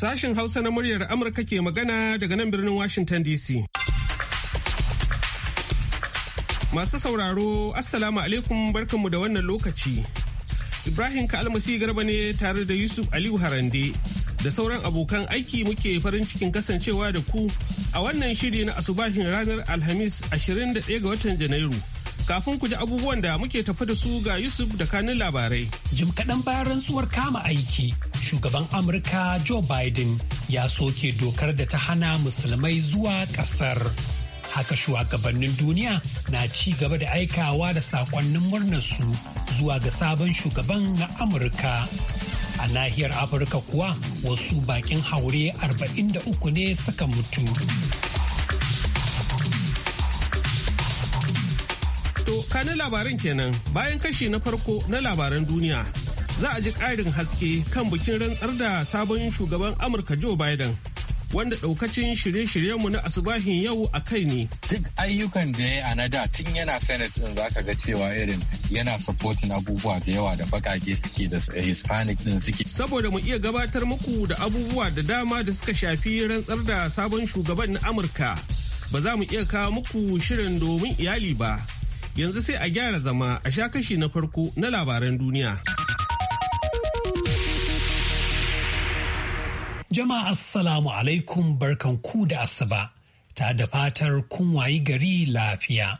Sashen Hausa na muryar Amurka ke magana daga nan birnin Washington DC. Masu sauraro, Assalamu alaikum barkanmu da wannan lokaci. Ibrahim Kalmasi Garba ne tare da Yusuf Aliyu Harande da sauran abokan aiki muke farin cikin kasancewa da ku a wannan shiri na asubahin ranar Alhamis 21 ga watan Janairu. Kafin ku ji abubuwan da muke tafi da su ga Yusuf da kanin labarai. Jim kaɗan bayan rantsuwar kama aiki, shugaban Amurka Joe Biden ya soke dokar da ta hana musulmai zuwa ƙasar. Haka shugabannin duniya na ci gaba da aikawa da saƙonnin murnarsu zuwa ga sabon shugaban na Amurka. A nahiyar Afirka kuwa wasu baƙin haure 43 ne suka mutu. To, kanin labaran kenan bayan kashi na farko na labaran duniya. Za a ji ƙarin haske kan bikin rantsar da sabon shugaban Amurka Joe Biden. wanda daukacin shirye-shiryenmu na asubahin yau a kai ne. Duk ayyukan da ya yi a da tun yana Senate din ka ga cewa irin yana supporting abubuwa da yawa da bakage suke da eh, Hispanic din suke. Saboda mu iya gabatar muku da abubuwa da dama da suka shafi rantsar da sabon shugaban na Amurka. Ba za mu iya kawo muku shirin domin iyali ba. Yanzu sai a gyara zama a sha kashi na farko na labaran duniya. Jama'a Assalamu alaikum barkan ku da asuba ta da fatar kun wayi gari lafiya.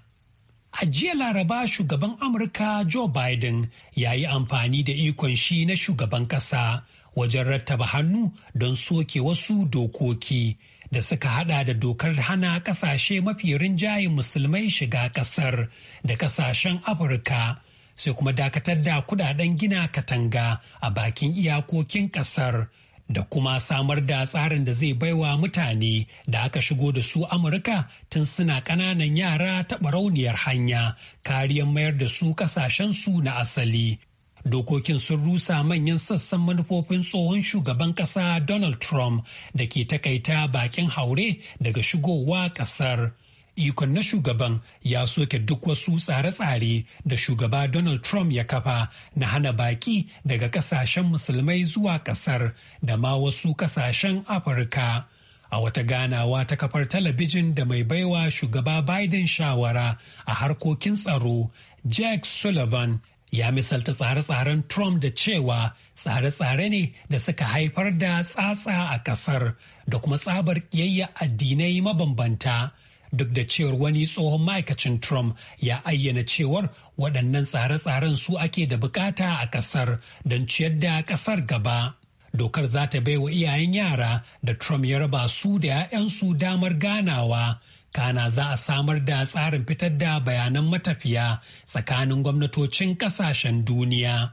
A jiya Laraba shugaban Amurka Joe Biden ya yi amfani da ikon shi na shugaban ƙasa wajen rattaba hannu don soke wasu dokoki da suka hada da dokar hana kasashe mafi rinjayen musulmai shiga kasar da kasashen afirka sai kuma dakatar da kudaden gina katanga a bakin iyakokin kasar da kuma samar da tsarin da zai baiwa mutane da aka shigo da su amurka tun suna ƙananan yara taɓa rauniyar hanya kariyar mayar da su su na asali Dokokin sun rusa manyan sassan manufofin tsohon shugaban ƙasa Donald Trump da ke takaita bakin haure daga shigowa ƙasar. Ikon na shugaban ya soke duk wasu tsare-tsare da shugaba Donald Trump ya kafa na hana baki daga ƙasashen musulmai zuwa ƙasar da ma wasu ƙasashen Afirka. a wata ganawa ta kafar talabijin da mai baiwa shugaba Biden shawara a harkokin tsaro Jack Sullivan ya misalta tsare-tsaren Trump da cewa tsare-tsare ne da suka haifar da tsatsa a kasar da kuma tsabar ƙiyayya addinai mabambanta. Duk da cewar wani tsohon ma'aikacin Trump ya ayyana cewar waɗannan tsare-tsaren su ake da bukata a kasar don ciyar da kasar gaba. Dokar za ta baiwa iyayen yara da Trump ya raba su da 'ya'yansu damar ganawa kana za a samar da tsarin fitar da bayanan matafiya tsakanin gwamnatocin kasashen duniya.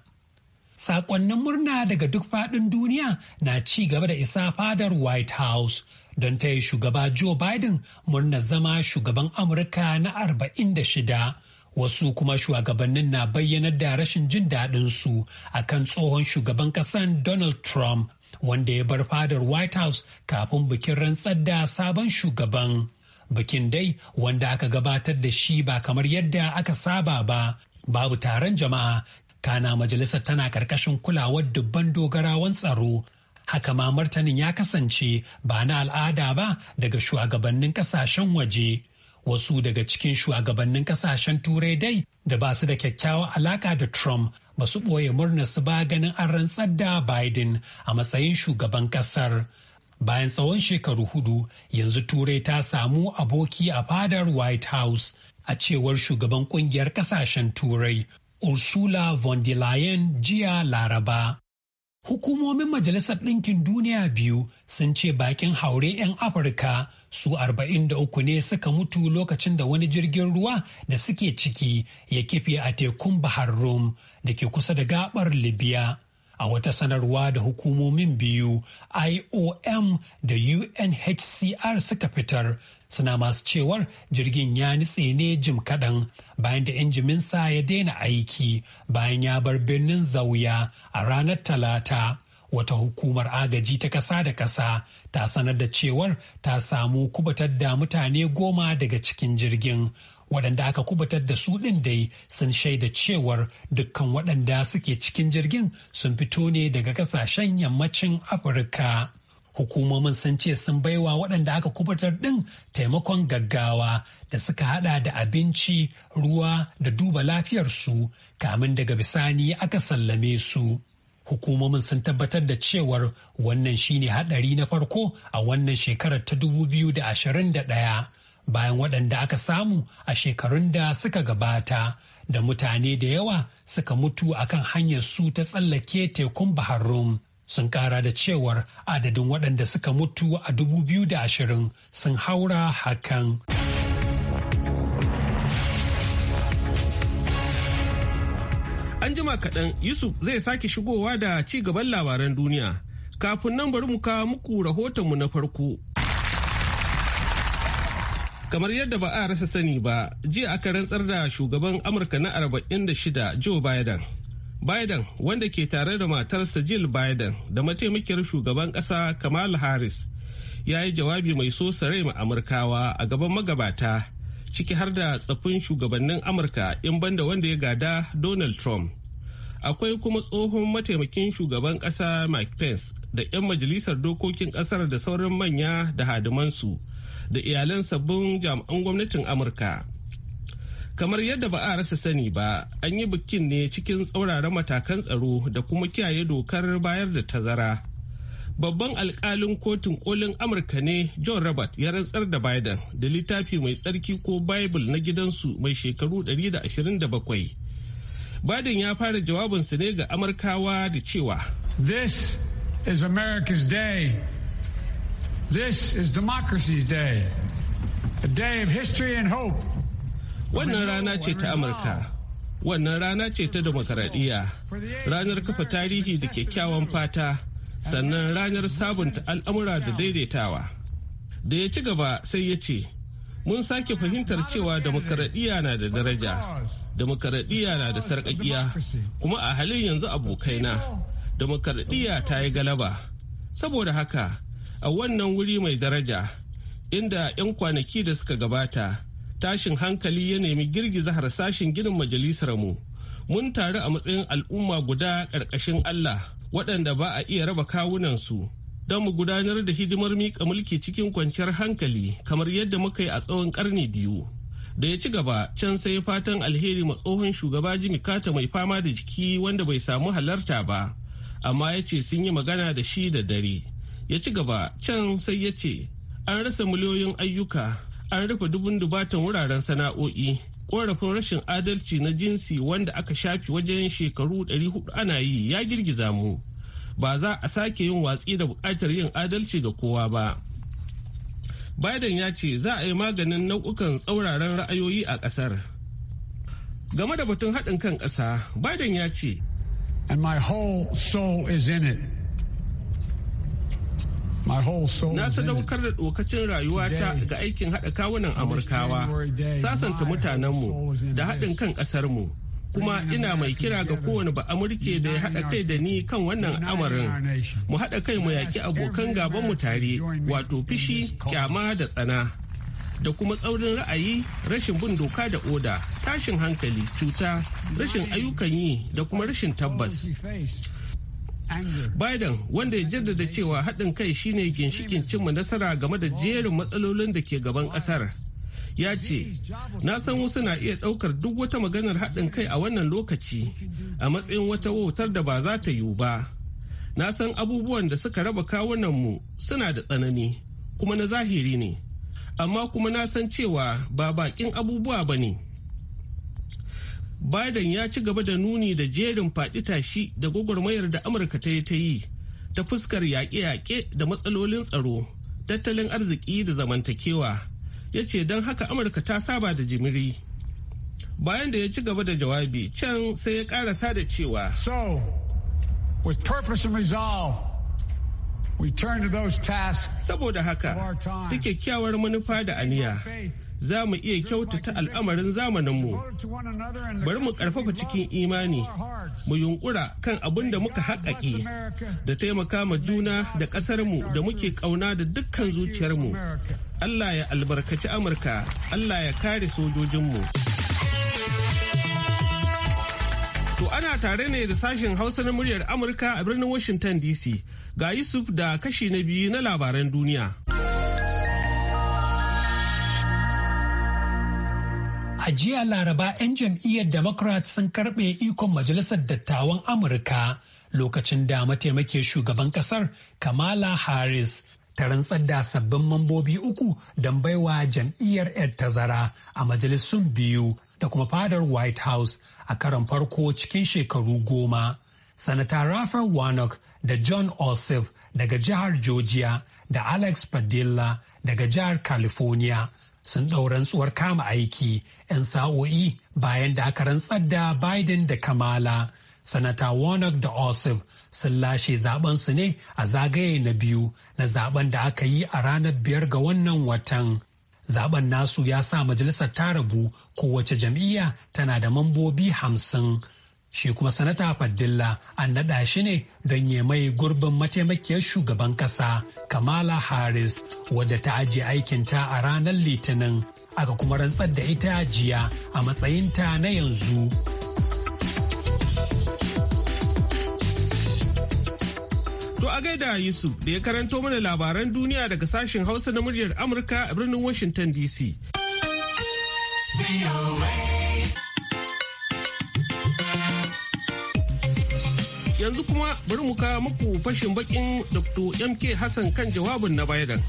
Sakonnin murna daga duk faɗin duniya na ci gaba da isa fadar White House don ta yi shugaba Joe Biden murnar zama shugaban Amurka na 46. Wasu kuma shugabannin na bayyanar da rashin jin daɗinsu a kan tsohon shugaban ƙasan Donald Trump wanda ya bar fadar White House kafin bikin rantsar da sabon shugaban. Bikin dai wanda aka gabatar da shi ba kamar yadda aka saba ba babu taron jama'a kana majalisar tana karkashin kulawar dubban dogarawan tsaro haka ma martanin ya kasance ba na al'ada ba daga shugabannin kasashen waje wasu daga cikin shugabannin kasashen turai dai da ba su da kyakkyawa alaka da trump ba su ɓoye murna su ba ganin an rantsar da biden a matsayin shugaban ƙasar. bayan tsawon shekaru hudu yanzu turai ta samu aboki a fadar white house a cewar shugaban kungiyar kasashen turai ursula von der leyen jiya laraba hukumomin majalisar ɗinkin duniya biyu sun ce bakin haure 'yan afirka su 43 ne suka mutu lokacin da wani jirgin ruwa da suke ciki ya kife a tekun bahar rum da ke kusa da gabar libya a wata sanarwa da hukumomin biyu IOM da UNHCR suka fitar suna masu cewar jirgin ya nitse ne jim kaɗan bayan da injiminsa ya daina aiki bayan ya bar birnin zauya a ranar talata wata hukumar agaji ta ƙasa da ƙasa ta sanar da cewar ta samu kubatar da mutane goma daga cikin jirgin waɗanda aka kubutar da su ɗin dai sun shaida cewar dukkan waɗanda suke cikin jirgin sun fito ne daga ƙasashen yammacin afirka hukumomin sun ce sun baiwa waɗanda aka kubutar ɗin taimakon gaggawa da suka hada da abinci ruwa da duba lafiyarsu kamin daga bisani aka sallame su hukumomin sun tabbatar da cewar wannan shine hadari na farko a wannan shekarar ta 2021 bayan waɗanda aka samu a shekarun da suka gabata da mutane da yawa suka mutu akan hanyar su ta tsallake tekun Bahar Rum. Sun kara da cewar adadin waɗanda suka mutu a dubu biyu da ashirin sun haura hakan. An jima kaɗan Yusuf zai sake shigowa da ci gaban labaran duniya. Kafin nan bari mu kawo muku rahotonmu na farko kamar yadda ba a rasa sani ba jiya aka rantsar da shugaban amurka na 46 joe biden biden wanda ke tare da matarsa jill biden da mataimakiyar shugaban kasa kamal harris ya yi jawabi mai so sarai ma amurkawa a gaban magabata ciki har da tsaffin shugabannin amurka in banda wanda ya gada donald trump akwai kuma tsohon mataimakin shugaban kasa mike pence da 'yan majalisar dokokin kasar da sauran manya da hadimansu da iyalan sabbin jami'an gwamnatin amurka kamar yadda ba a rasa sani ba an yi bikin ne cikin tsauraran matakan tsaro da kuma kiyaye dokar bayar da tazara babban alkalin kotun kolin amurka ne john robert ya rantsar da biden da littafi mai tsarki ko bible na gidansu mai shekaru 127 biden ya fara jawabinsa ne ga amurkawa da cewa this is america's day This is Democracy's Day, a day of history and hope. Wannan rana ce ta Amurka, wannan rana ce ta demokaradiyya, ranar kafa tarihi da kyakkyawan fata, sannan ranar sabunta al'amura da daidaitawa. Da ya ci gaba sai ya ce, Mun sake fahimtar cewa demokaradiyya na da daraja, demokaradiyya na da sarƙaƙiya, kuma a halin yanzu abokaina, demokaradiyya ta yi galaba. Saboda haka, a wannan wuri mai daraja inda 'yan kwanaki da suka gabata tashin hankali ya nemi girgiza harsashin ginin majalisar mu mun taru a matsayin al'umma guda ƙarƙashin Allah waɗanda ba a iya raba kawunansu don mu gudanar da hidimar miƙa mulki cikin kwanciyar hankali kamar yadda muka yi a tsawon ƙarni biyu da ya ci gaba can sai fatan alheri ma tsohon shugaba jimi kata mai fama da jiki wanda bai samu halarta ba amma ya ce sun yi magana da shi da dare ya ci gaba can sai ya ce an rasa miliyoyin ayyuka an rufe dubun dubatan wuraren sana'o'i korafin rashin adalci na jinsi wanda aka shafi wajen shekaru 400 ana yi ya girgiza mu ba za a sake yin watsi da buƙatar yin adalci ga kowa ba biden ya ce za a yi maganin nau'ukan tsauraran ra'ayoyi a ƙasar game da batun haɗin kan ƙasa biden ya ce and my whole soul is in it Na sadaukar da rayuwa rayuwata ga aikin haɗa kawunan Amurkawa, sasanta mutanenmu da haɗin kan ƙasarmu. kuma ina mai kira ga kowane ba amurke da ya haɗa kai da ni kan wannan amarin mu haɗa kai mu yaƙi abokan gaban mu tare wato fishi kyama da tsana da kuma tsaurin ra'ayi rashin bin doka da oda tashin hankali cuta rashin ayyukan yi da kuma rashin tabbas Biden wanda ya jaddada cewa haɗin kai shine ginshikin cimma nasara game da jerin matsalolin da ke gaban ƙasar. Ya ce, na san wasu na iya ɗaukar duk wata maganar haɗin kai a wannan lokaci a matsayin wata wautar da ba za ta yiwu ba. Na san abubuwan da suka raba kawunanmu suna da tsanani kuma na zahiri ne, amma kuma na san cewa ba baƙin abubuwa ba ne. Biden ya ci gaba da nuni da jerin faɗi tashi da gwagwarmayar da Amurka ta yi ta yi ta fuskar yaƙe-yaƙe da matsalolin tsaro, tattalin arziki da zamantakewa. Ya ce don haka Amurka ta saba da jimiri. Bayan da ya ci gaba da jawabi can sai ya ƙarasa da cewa. So, with purpose and resolve, Saboda haka, ta kyakkyawar manufa da aniya, za mu iya kyautata al'amarin zamaninmu bari mu karfafa cikin imani mu yunƙura kan abin da muka haƙaƙi da taimaka ma juna da ƙasarmu da muke ƙauna da dukkan zuciyarmu allah ya albarkaci amurka allah ya kare sojojinmu to ana tare ne da sashen hausa na muryar amurka a birnin washington dc ga yusuf da kashi na biyu na labaran duniya. a jiya laraba 'yan jam'iyyar democrat sun karɓe ikon majalisar dattawan amurka lokacin da mataimake shugaban kasar kamala harris ta rantsar da sabbin mambobi uku don baiwa jam'iyyar 'yar tazara a majalisun biyu da kuma fadar white house a karon farko cikin shekaru goma sanata rafael warnock da john ossoff daga jihar georgia da alex padilla daga jihar california sun ɗau rantsuwar kama aiki 'yan sa'o'i bayan da aka rantsar da Biden da Kamala. Sanata Warnock da Ossoff sun lashe su ne a zagaye na biyu na zaben da aka yi a ranar biyar ga wannan watan. Zaben nasu ya sa majalisar ta rabu kowace jam'iyya tana da mambobi hamsin. shi kuma sanata fadilla an naɗa shi ne don ya mai gurbin mataimakiyar shugaban ƙasa kamala harris wadda ta ajiye aikinta a ranar litinin aka kuma rantsar da ita jiya a matsayinta na yanzu To a gaida Yusuf da ya karanto mana labaran duniya daga sashen Hausa na muryar Amurka a birnin Washington DC. yanzu kuma bari mu kawo muku fashin bakin dr mk hassan kan jawabin na biden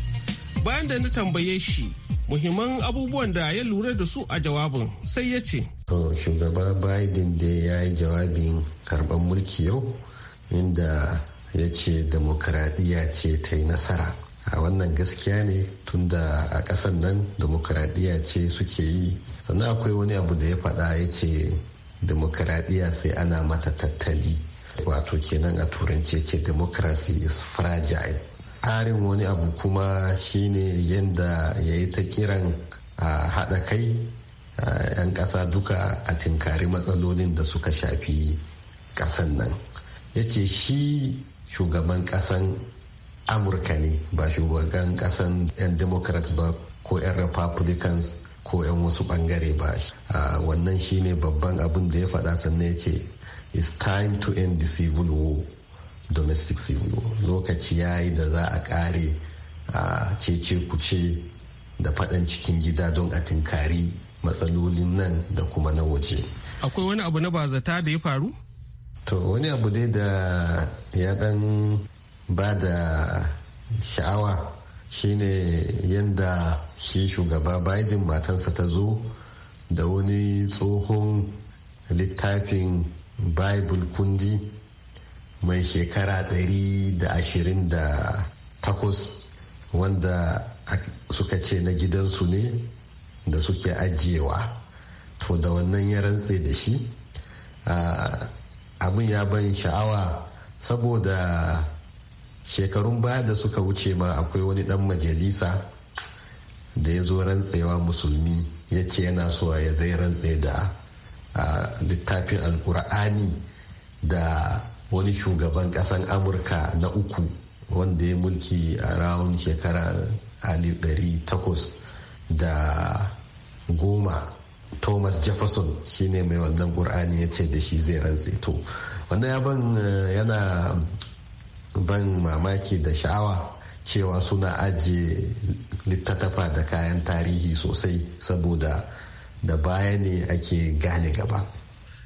bayan da na tambaye shi muhimman abubuwan da ya lura da su a jawabin sai ya ce shugaba biden da ya yi jawabin karban mulki yau inda ya ce demokaradiyya ce ta yi nasara a wannan gaskiya ne tunda a ƙasar nan demokaradiyya ce suke yi sannan akwai wani abu da ya faɗa ya ce demokaradiyya sai ana mata tattali wato kenan a turanci yake democracy is fragile ƙarin wani abu kuma shine yadda ya yi ta kiran haɗa kai 'yan ƙasa duka a tinkari matsalolin da suka shafi ƙasan nan ya ce shi shugaban ƙasan amurka ne ba shugaban ƙasan 'yan democrats ba ko 'yan republicans ko 'yan wasu ɓangare ba wannan shine babban abin da ya faɗa sannan ya ce is time to end the civil war domestic civil war lokaci ya yi da za a kare a cece kuce da faɗan cikin gida don a tinkari matsalolin nan da kuma na waje akwai wani abu na bazata da ya faru to wani abu dai da ya dan ba da sha'awa shine yadda shi shugaba biden matansa ta zo da wani tsohon littafin bible kundi mai shekara 128 wanda suka ce na gidansu ne da suke ajiyewa to da wannan ya rantse da shi abin ya ban sha'awa saboda shekarun baya da suka wuce ma akwai wani dan majalisa da ya zo rantsewa musulmi ya ce yana so ya zai rantse da A littafin alkur'ani da wani shugaban kasan amurka na uku wanda ya mulki a rawun shekara takwas da goma thomas jefferson shine mai wannan ƙur'ani ya ce da shi zai rantse to wannan ya ban yana ban mamaki da sha'awa cewa suna ajiye littattafa da kayan tarihi sosai saboda da baya ne ake gane gaba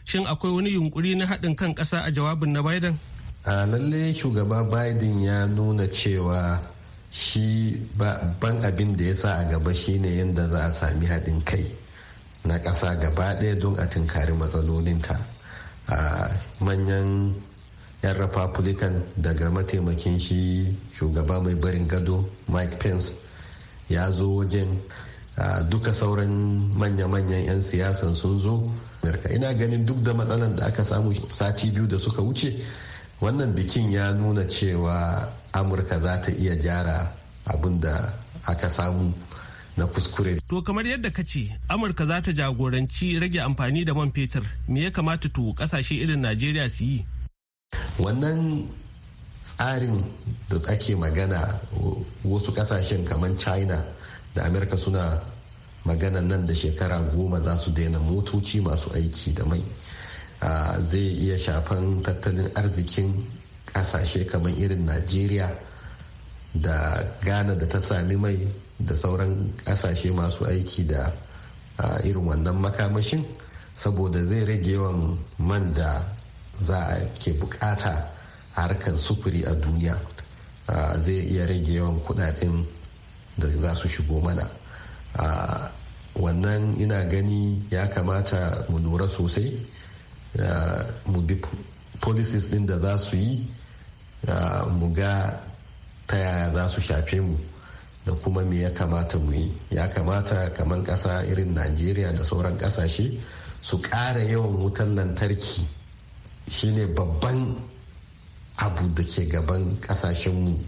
shin akwai wani yunkuri na haɗin kan ƙasa a jawabin na biden a lalle shugaba biden ya nuna cewa shi ban abin da ya sa a gaba shine yadda za a sami haɗin kai na ƙasa gaba ɗaya don a tunkari matsalolinta a manyan 'yan republican daga mataimakin shi shugaba mai barin gado mike pence ya zo wajen Ah, duka sauran manya-manyan 'yan siyasan sun zo ina ganin duk da matsalan da aka samu sati biyu da suka wuce wannan bikin ya nuna cewa amurka za ta iya jara abin da aka samu na kuskure. To kamar yadda ka ce Amurka za ta jagoranci rage amfani da man fetur me ya kamata to kasashe irin Najeriya su yi? Wannan tsarin da ake magana wasu kasashen kamar China da amerika suna magana nan da shekara goma za su daina motoci masu aiki da mai ah, zai iya shafan tattalin arzikin kasashe kamar irin najeriya da ghana da ta sami mai da sauran kasashe masu aiki da ah, irin wannan makamashin saboda zai rage yawan man da za a ke bukata a harkar sufuri a duniya ah, zai iya rage yawan kudaden da za su shigo mana a wannan ina gani ya kamata mu lura sosai mu bi policies din da za su yi mu ga ta yaya za su shafe mu da kuma me ya kamata mu yi ya kamata kamar ƙasa irin najeriya da sauran ƙasashe su ƙara yawan wutan lantarki shine babban abu da ke gaban ƙasashenmu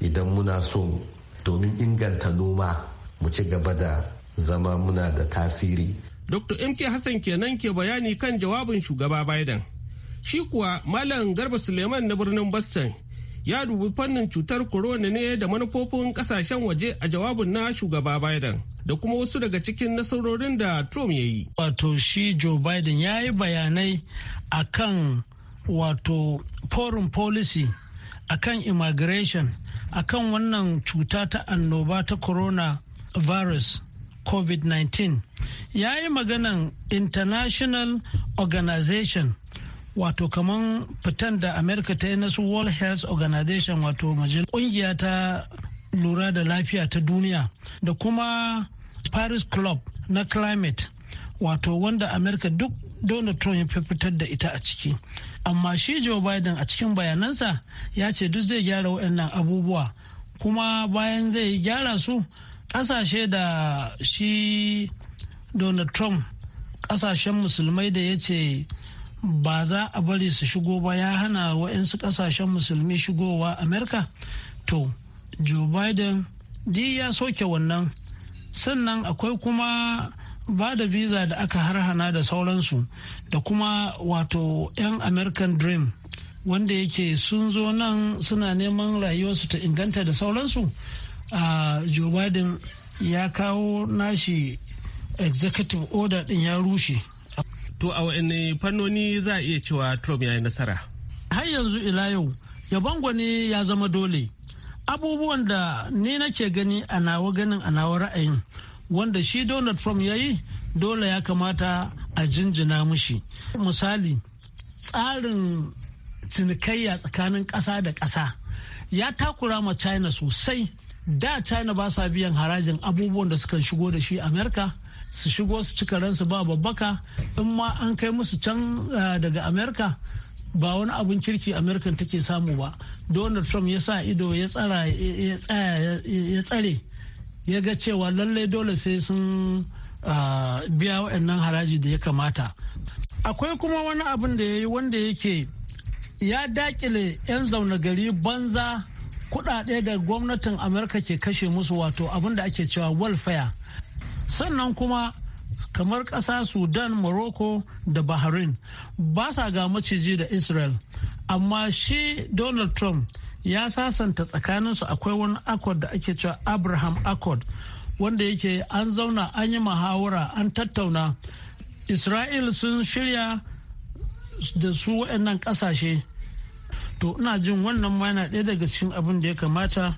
idan muna so domin inganta noma mu ci gaba da zama muna da tasiri. Dr. MK Hassan kenan ke bayani kan jawabin shugaba Biden. Shi kuwa Malam Garba Suleiman na birnin Boston ya dubi fannin cutar corona ne da manufofin kasashen waje a jawabin na shugaba Biden. Da kuma wasu daga cikin nasarorin da Trump ya yi. Wato shi Joe Biden ya yi bayanai akan wato foreign policy akan immigration akan wannan cuta ta annoba ta corona virus covid-19 ya yi maganan international organization wato kaman fitan da america ta yi na su world health organization wato majalisar kungiya ta lura da lafiya ta duniya da kuma paris club na climate wato wanda america duk donald trump ya fitar da ita a ciki amma shi joe biden a cikin bayanansa ya ce duk zai gyara waɗannan abubuwa kuma bayan zai gyara su ƙasashe da shi donald trump ƙasashen musulmai da ya ce ba za a bari su shigo ba ya hana waɗansu ƙasashen musulmi shigowa amerika to joe biden di ya soke wannan sannan akwai kuma ba da visa da aka harhana da sauransu da kuma wato 'yan american dream wanda yake sun zo nan suna neman rayuwarsu ta inganta da sauransu a joe biden ya kawo nashi executive order din ya rushe to a wani fannoni za a iya cewa trump ya yi nasara har yanzu ila yau yabon gwani ya zama dole abubuwan da ni nake gani a nawa ganin a nawa ra'ayin wanda shi donald trump ya yi dole ya kamata a jinjina mushi misali tsarin cinikayya tsakanin ƙasa da ƙasa ya takura ma china sosai da china ba sa biyan harajin abubuwan da suka shigo da shi amerika su shigo su cika ransu ba babbaka in ma an kai musu can eh, daga amerika ba wani abin kirki amerika take samu ba donald trump ya sa ido ya tsare ya ga cewa lallai dole sai sun ah, biya wa'annan haraji da ya kamata akwai kuma wani abin da ya yi wanda yake ya dakile 'yan zauna gari banza kudade da gwamnatin amurka ke kashe musu wato abin da ake cewa welfare sannan kuma kamar ƙasa sudan morocco da bahrain ba sa ga maciji da israel amma shi donald trump ya sasanta tsakaninsu akwai wani accord da ake cewa abraham accord wanda yake an zauna an yi muhawara an tattauna isra'il sun shirya da su waɗannan ƙasashe to ina jin wannan ma yana ɗaya daga cikin abin da ya kamata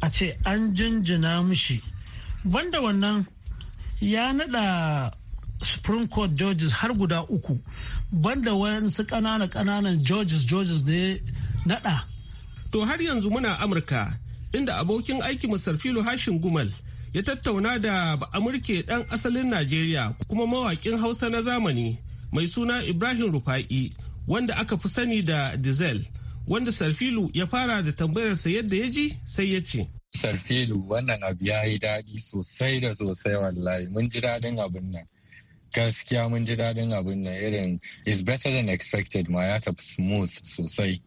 a ce an jinjina mushi banda wannan ya naɗa supreme court judges har guda uku banda su ƙananan ƙananan judges judges da ya naɗa To har yanzu muna Amurka inda abokin aiki Mr. Filo Hashin Gumal ya tattauna da Amurke ɗan asalin Najeriya kuma mawaƙin Hausa na zamani mai suna Ibrahim Rufa'i wanda aka fi sani da Dizel wanda Sarfilu ya fara da tambayarsa yadda ya ji sai ya ce. Sarfilu wannan abu ya yi daɗi sosai da sosai wallahi mun ji daɗin abin nan. Gaskiya mun ji daɗin abin nan irin is better than expected ma ya tafi smooth sosai.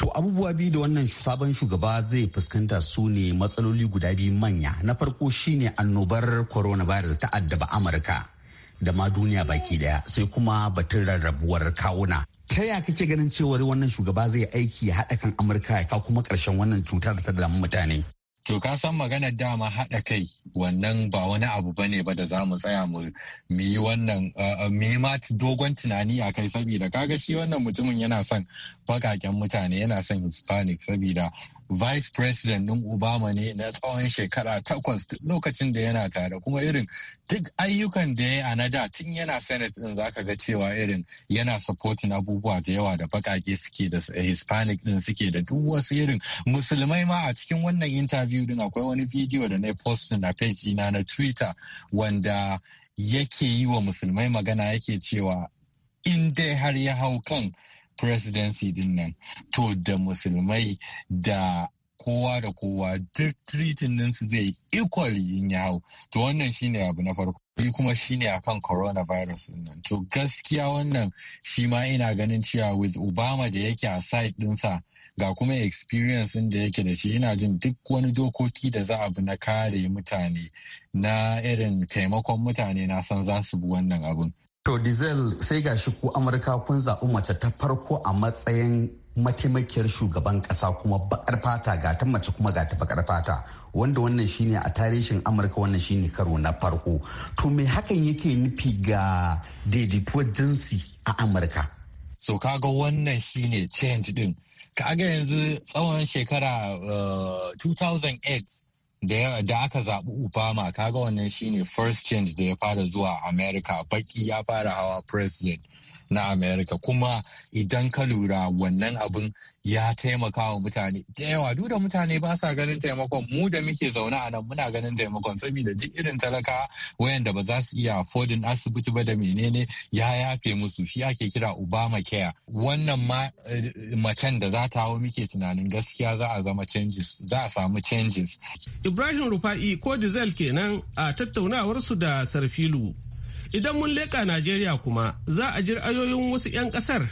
To abubuwa biyu da wannan sabon shugaba zai fuskanta su ne matsaloli guda biyu manya. Na farko shine annobar coronavirus ta addaba Amurka da ma duniya baki daya sai kuma batun rarrabuwar kawuna. Ta ya kake ganin cewar wannan shugaba zai aiki ya haɗa kan Amurka ya kuma ƙarshen wannan cutar ta damu mutane? To ka san maganar dama haɗa kai wannan ba wani abu bane ba da za mu tsaya mu yi wannan dogon tunani a kai saboda kaga shi wannan mutumin yana son bakaken mutane yana son Hispanic saboda vice president ɗin obama ne na tsawon shekara takwas lokacin da yana tare kuma irin duk ayyukan da ya yi a na da tun yana senate ɗin zaka ga cewa irin yana supporting abubuwa da yawa da bakake suke da hispanic ɗin suke da duk wasu irin musulmai ma a cikin wannan interview ɗin akwai wani bidiyo da na post na page ina na twitter wanda yake yi wa musulmai magana yake cewa in dai har ya hau kan presidency din nan to da musulmai da kowa da kowa duk treating su zai equally in ya hau to wannan shine abu na farko shi kuma shine akan coronavirus nan to gaskiya wannan shi ma ina ganin cewa with obama da yake a side dinsa ga kuma experience da yake da shi ina jin duk wani dokoki da za a bi na kare mutane na irin taimakon mutane na san za su bi wannan abin To Diesel sai ga shi ku Amurka kun zaɓi mace ta farko a matsayin mataimakiyar shugaban ƙasa kuma baƙar fata ga ta mace kuma ga ta baƙar fata wanda wannan shine a tarihin Amurka wannan shine karo na farko. To me hakan yake nufi ga daidaituwar jinsi a Amurka? So kaga wannan shine change din. Ka Kaga yanzu tsawon shekara 2008 uh, da aka zaɓi Obama kaga wannan shine first change da ya fara zuwa America baki ya fara hawa president na Amerika kuma idan ka lura wannan abin ya taimaka wa mutane da yawa duk da mutane ba sa ganin taimakon mu da muke zaune a nan muna ganin taimakon saboda duk irin talaka wayanda ba za su iya fodin asibiti ba da menene ya yafe musu shi ake kira Obama care wannan ma eh, macen da za ta hawo muke tunanin gaskiya za a zama changes za a samu changes Ibrahim Rufa'i ko Dizel kenan a tattaunawarsu da Sarfilu Idan mun leƙa Najeriya kuma za a ji ra'ayoyin wasu 'yan ƙasar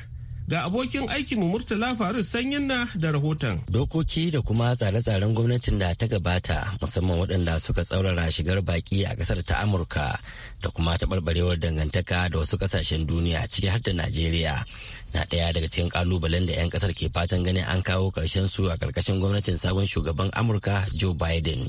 ga abokin aikinmu Murtala Faru na da rahoton. Dokoki da kuma tsare-tsaren gwamnatin da ta gabata musamman waɗanda suka tsaurara shigar baƙi a ƙasar ta Amurka da kuma taɓarɓarewar dangantaka da wasu ƙasashen duniya ciki har da Najeriya. na ɗaya daga cikin ƙalubalen da 'yan ƙasar ke fatan ganin an kawo ƙarshen su a ƙarƙashin gwamnatin sabon shugaban amurka joe biden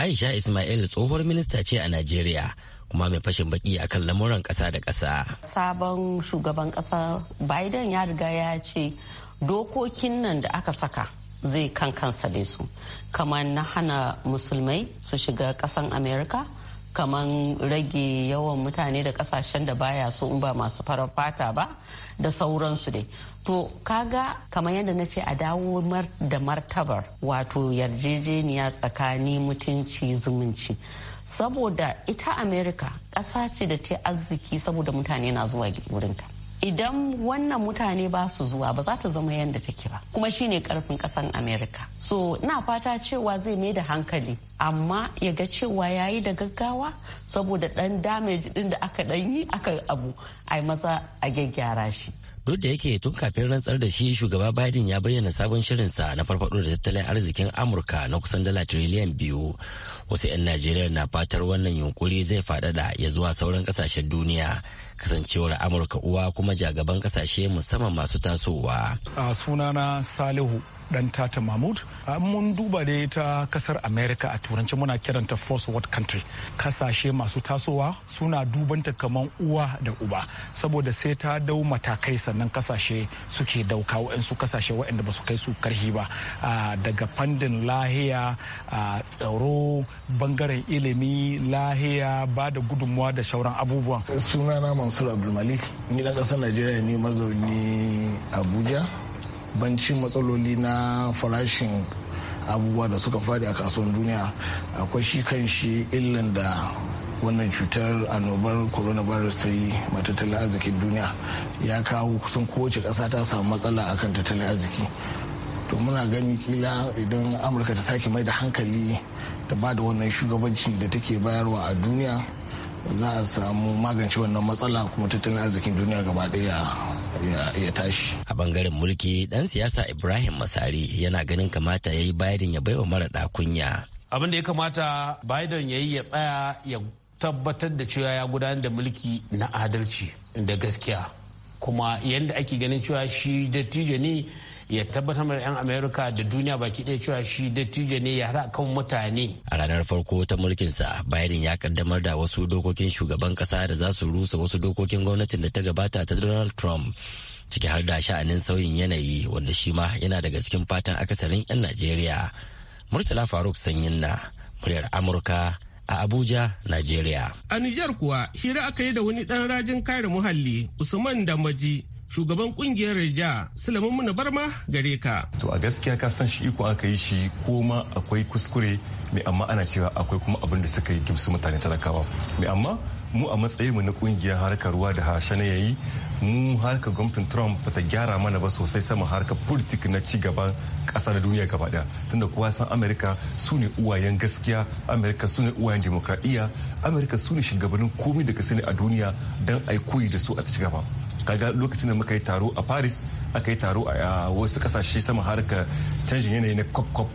aisha ismail tsohuwar minista ce a najeriya kuma mai fashin baki akan lamuran ƙasa da ƙasa. Sabon shugaban ƙasa Biden ya riga ya ce dokokin nan da aka saka zai kan kansa da su kamar na hana musulmai su shiga ƙasan Amerika. kamar rage yawan mutane da kasashen da baya so in ba masu farar fata ba da sauransu dai to kaga kamar yadda na ce a dawo da martabar wato yarjejeniya tsakanin mutunci zumunci saboda ita Amerika ƙasa ce da ta arziki saboda mutane na zuwa wurinta idan wannan mutane ba su zuwa ba za ta zama yadda take ba kuma shine karfin ƙasan Amerika so na fata cewa zai mai da hankali amma ya ga cewa ya yi da gaggawa saboda ɗan damage ɗin da aka ɗan yi aka abu a maza a gyaggyara shi duk da yake tun kafin rantsar da shi shugaba biden ya bayyana sabon shirinsa na farfado da tattalin arzikin amurka na kusan dala tiriliyan biyu wasu 'yan najeriya na fatar wannan yunkuri zai faɗaɗa ya zuwa sauran ƙasashen duniya kasancewar amurka uwa kuma jagaban kasashe musamman masu tasowa a sunana salihu dan tata mahmud mun duba da ta kasar america a turanci muna kiranta first world country kasashe masu tasowa suna dubanta kamar uwa da uba saboda sai ta dau matakai sannan kasashe suke dauka wa'ansu kasashe wa'anda ba su kai su karhi ba daga fandin lahiya tsaro bangaren ilimi lahiya ba da gudunmuwa da shauran abubuwan sunana mansur abdulmalik ni dan kasar najeriya ne mazauni abuja bancin matsaloli na farashin abubuwa da suka fadi a kasuwan duniya akwai shi kan shi illan da wannan cutar annobar coronavirus ta yi ma tattalin arzikin duniya ya kawo kusan kowace ƙasa ta samu matsala akan tattalin arziki to muna gani kila idan amurka ta sake mai da hankali da ba da wannan shugabancin da take bayarwa a duniya za a samu magance wannan matsala kuma tattalin arzikin duniya gaba daya ya tashi. A bangaren mulki dan siyasa Ibrahim Masari yana ganin kamata ya yi Biden ya baiwa mara kunya. Abin da ya kamata Biden ya yi ya tsaya ya tabbatar da cewa ya gudanar da mulki na adalci da gaskiya. Kuma yadda ake ganin cewa shi dattijo ne ya tabbatar da 'yan amerika da duniya baki ɗaya cewa shi dattijo ne ya haɗa kan mutane a ranar farko ta mulkinsa biden ya kaddamar da wasu dokokin shugaban kasa da za su rusa wasu dokokin gwamnatin da ta gabata ta donald trump ciki har da sha'anin sauyin yanayi wanda shi ma yana daga cikin fatan akasarin 'yan najeriya murtala faruk sanyin na muryar amurka a abuja nigeria. a nijar kuwa hira aka yi da wani ɗan rajin kare muhalli usman damaji shugaban kungiyar Reja Sulaiman Muna Barma gare ka. To a gaskiya ka san shi iko aka yi shi ko ma akwai kuskure mai amma ana cewa akwai kuma abin da suka yi gimsu mutane talakawa. Mai amma mu a matsayinmu na kungiyar harkar ruwa da hasha na yayi mu harkar gwamnatin Trump bata gyara mana ba sosai sama harkar politik na ci gaban kasa da duniya gaba daya tunda kowa san Amerika su ne uwayen gaskiya Amerika su ne uwayen demokradiyya Amerika su ne shugabannin komai daga kasani a duniya don a koyi da su a ci gaba. kaga lokacin da muka yi taro a paris aka yi taro a wasu kasashe sama harka canjin yanayi na cop cop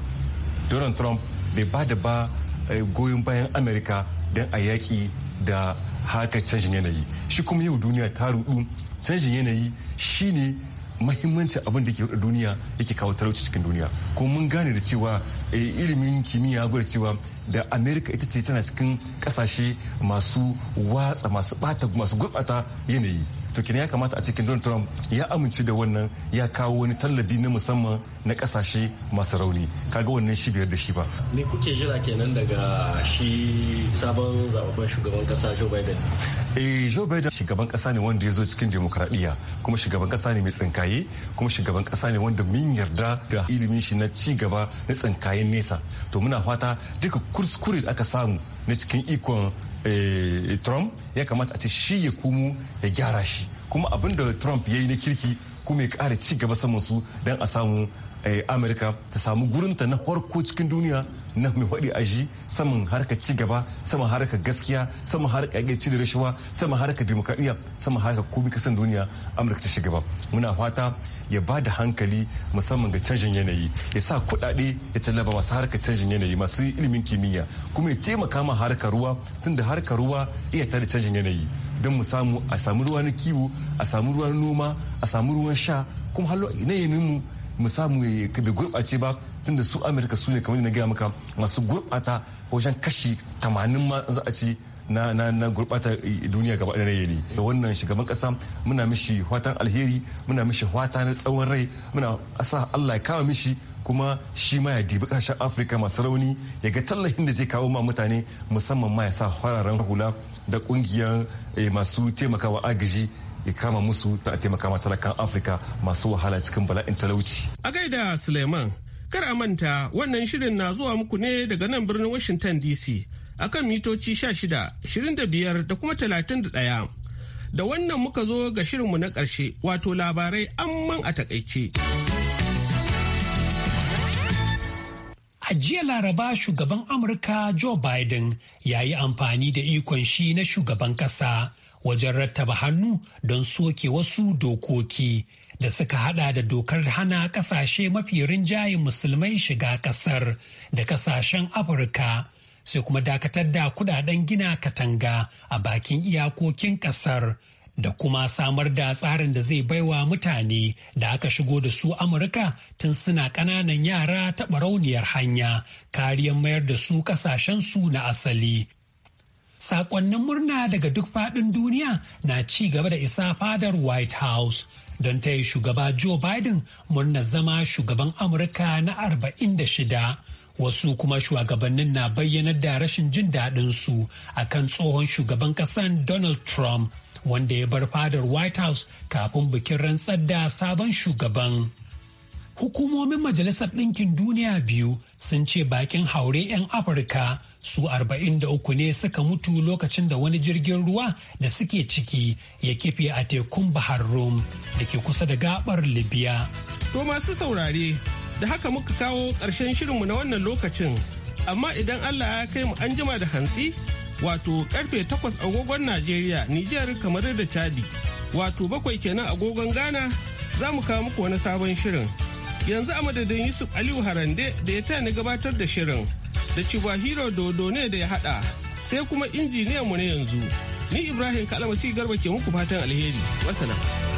donald trump bai ba da ba eh, goyon bayan amerika don a yaƙi da harkar canjin yanayi shi kuma yau duniya ta rudu canjin yanayi shine mahimmancin abin da ke rudu duniya yake kawo talauci cikin duniya kuma mun gane da cewa eh, ilimin kimiyya gwada cewa da amerika ita ce tana cikin kasashe masu watsa masu bata masu gurbata yanayi to kenan ya kamata a cikin donald trump ya amince da wannan ya kawo wani tallabi na musamman na kasashe masu rauni kaga wannan shi biyar da shi ba ne kuke jira kenan daga shi sabon zababben shugaban kasa joe biden eh joe biden shugaban kasa ne wanda ya zo cikin demokradiyya kuma shugaban kasa ne mai tsinkaye kuma shugaban kasa ne wanda min yarda da ilimin shi na ci gaba na tsinkayen nesa to muna fata duka kuskure da aka samu na cikin ikon Eh, trump ya kamata a ce shi ya kumu ya gyara shi kuma abin da trump ya yi na kirki kuma ya kara ci gaba saman su don a samu Eh, amurka ta samu gurinta na farko cikin duniya na mai faɗi a shi saman harka ci gaba saman harka gaskiya saman harka yaƙi ci da rashawa saman harka demokradiyya saman harka komi kasan duniya amurka ta shiga ba muna fata ya ba da hankali musamman ga canjin yanayi ya sa kuɗaɗe ya tallaba masu harka canjin yanayi masu ilimin kimiyya kuma ya taimaka ma harkar ruwa tunda harkar ruwa iya da canjin yanayi don mu samu a samu ruwa na kiwo a samu na noma a samu ruwan sha kuma hallo na min mu mu samu bai gurɓace ba tunda su amurka su ne kamar na gaya maka masu gurɓata wajen kashi tamanin ma za a ci na na na gurɓata duniya gaba ɗaya ne da wannan shugaban kasa muna mishi fatan alheri muna mishi wata na tsawon rai muna sa Allah ya kama mishi kuma shi ma ya dibi ƙasashen afirka masu rauni ya ga tallafin da zai kawo ma mutane musamman ma ya sa fararen hula da ƙungiyar eh, masu taimakawa agaji ya kama musu ta taimaka ma talakan afirka masu wahala cikin bala'in talauci a gaida suleiman kar a manta wannan shirin na zuwa muku ne daga nan birnin washington dc akan mitoci 16 25 da kuma 31 da wannan muka zo ga shirinmu na ƙarshe wato labarai amman a takaice. A jiya Laraba shugaban Amurka Joe Biden ya yi amfani da ikon shi na shugaban ƙasa wajen rattaba hannu don soke wasu dokoki da suka hada da dokar hana kasashe mafi rinjaye musulmai shiga kasar da kasashen afirka sai kuma dakatar da kudaden gina katanga a bakin iyakokin kasar da kuma samar da tsarin da zai baiwa mutane da aka shigo da su amurka tun suna ƙananan yara taɓa rauniyar hanya kariyar mayar da su su na asali Sakonnin murna daga duk faɗin duniya na ci gaba da isa fadar White House don ta yi shugaba Joe Biden murna zama shugaban Amurka na 46. Wasu kuma shugabannin na bayyanar da rashin jin daɗinsu a kan tsohon shugaban ƙasan Donald Trump wanda ya bar fadar White House kafin bikin rantsar da sabon shugaban. hukumomin majalisar ɗinkin duniya biyu sun ce bakin haure 'yan afirka su 43 ne suka mutu lokacin da wani jirgin ruwa da suke ciki ya kife a tekun bahar rum da ke kusa da gabar libya to masu saurare da haka muka kawo ƙarshen shirinmu na wannan lokacin amma idan allah ya kai mu an jima da hantsi wato karfe 8 agogon najeriya nijar kamar da chadi wato bakwai kenan agogon ghana za mu kawo muku wani sabon shirin yanzu a madadin yusuf aliyu harande da ya tani gabatar da shirin da hero dodo ne da ya hada sai kuma injiniyan mu ne yanzu ni ibrahim kalamasi garba ke muku fatan alheri wasana.